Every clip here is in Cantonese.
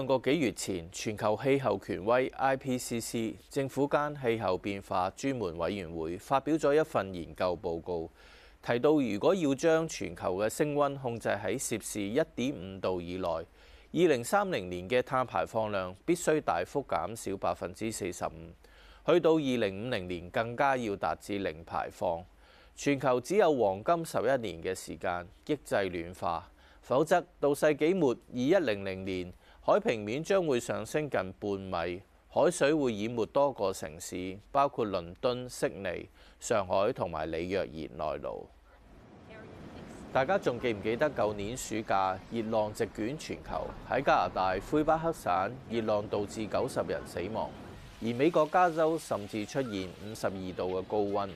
兩個幾月前，全球氣候權威 IPCC 政府間氣候變化專門委員會發表咗一份研究報告，提到如果要將全球嘅升溫控制喺攝氏一點五度以內，二零三零年嘅碳排放量必須大幅減少百分之四十五，去到二零五零年更加要達至零排放。全球只有黃金十一年嘅時間，抑制暖化，否則到世紀末，二一零零年，海平面將會上升近半米，海水會淹沒多個城市，包括倫敦、悉尼、上海同埋里約熱內盧。大家仲記唔記得舊年暑假熱浪直捲全球。喺加拿大魁北克省，熱浪導致九十人死亡；而美國加州甚至出現五十二度嘅高溫。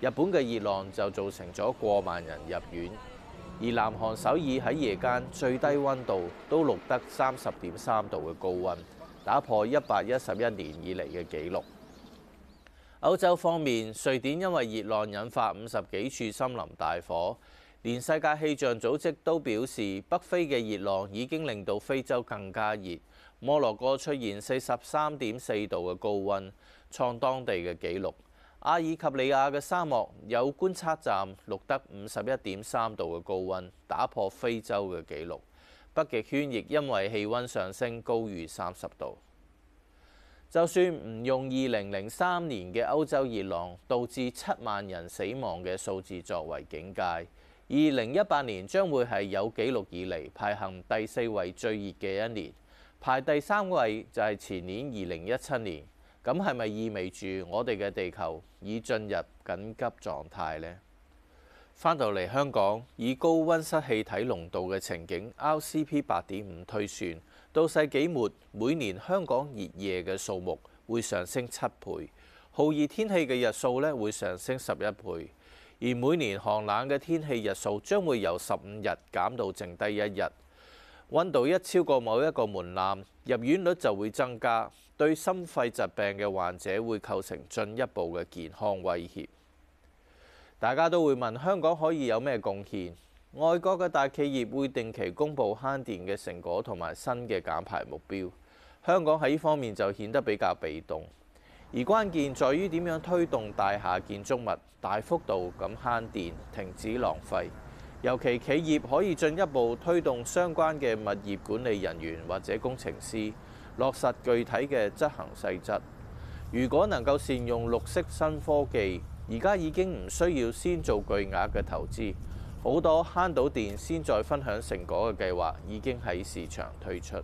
日本嘅熱浪就造成咗過萬人入院。而南韓首爾喺夜間最低溫度都錄得三十點三度嘅高溫，打破一百一十一年以嚟嘅紀錄。歐洲方面，瑞典因為熱浪引發五十幾處森林大火，連世界氣象組織都表示，北非嘅熱浪已經令到非洲更加熱。摩洛哥出現四十三點四度嘅高溫，創當地嘅紀錄。阿爾及利亞嘅沙漠有觀察站錄得五十一點三度嘅高温，打破非洲嘅紀錄。北極圈亦因為氣温上升高於三十度。就算唔用二零零三年嘅歐洲熱浪導致七萬人死亡嘅數字作為警戒，二零一八年將會係有紀錄以嚟排行第四位最熱嘅一年，排第三位就係前年二零一七年。咁係咪意味住我哋嘅地球已進入緊急狀態呢？返到嚟香港，以高溫室氣體濃度嘅情景，RCP 8.5推算，到世紀末，每年香港熱夜嘅數目會上升七倍，酷熱天氣嘅日數呢會上升十一倍，而每年寒冷嘅天氣日數將會由十五日減到剩低一日。溫度一超過某一個門檻，入院率就會增加，對心肺疾病嘅患者會構成進一步嘅健康威脅。大家都會問香港可以有咩貢獻？外國嘅大企業會定期公佈慳電嘅成果同埋新嘅減排目標，香港喺呢方面就顯得比較被動。而關鍵在於點樣推動大廈建築物大幅度咁慳電，停止浪費。尤其企業可以進一步推動相關嘅物業管理人員或者工程師落實具體嘅執行細則。如果能夠善用綠色新科技，而家已經唔需要先做巨額嘅投資。好多慳到電先再分享成果嘅計劃已經喺市場推出。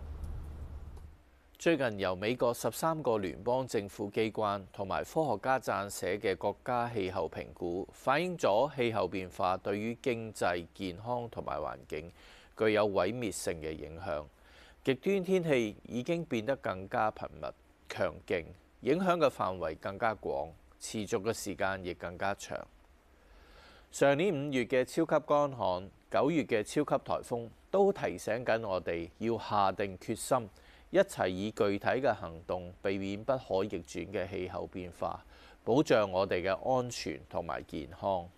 最近由美國十三個聯邦政府機關同埋科學家撰寫嘅國家氣候評估，反映咗氣候變化對於經濟、健康同埋環境具有毀滅性嘅影響。極端天氣已經變得更加頻密、強勁，影響嘅範圍更加廣，持續嘅時間亦更加長。上年五月嘅超級乾旱、九月嘅超級颱風都提醒緊我哋要下定決心。一齊以具體嘅行動，避免不可逆轉嘅氣候變化，保障我哋嘅安全同埋健康。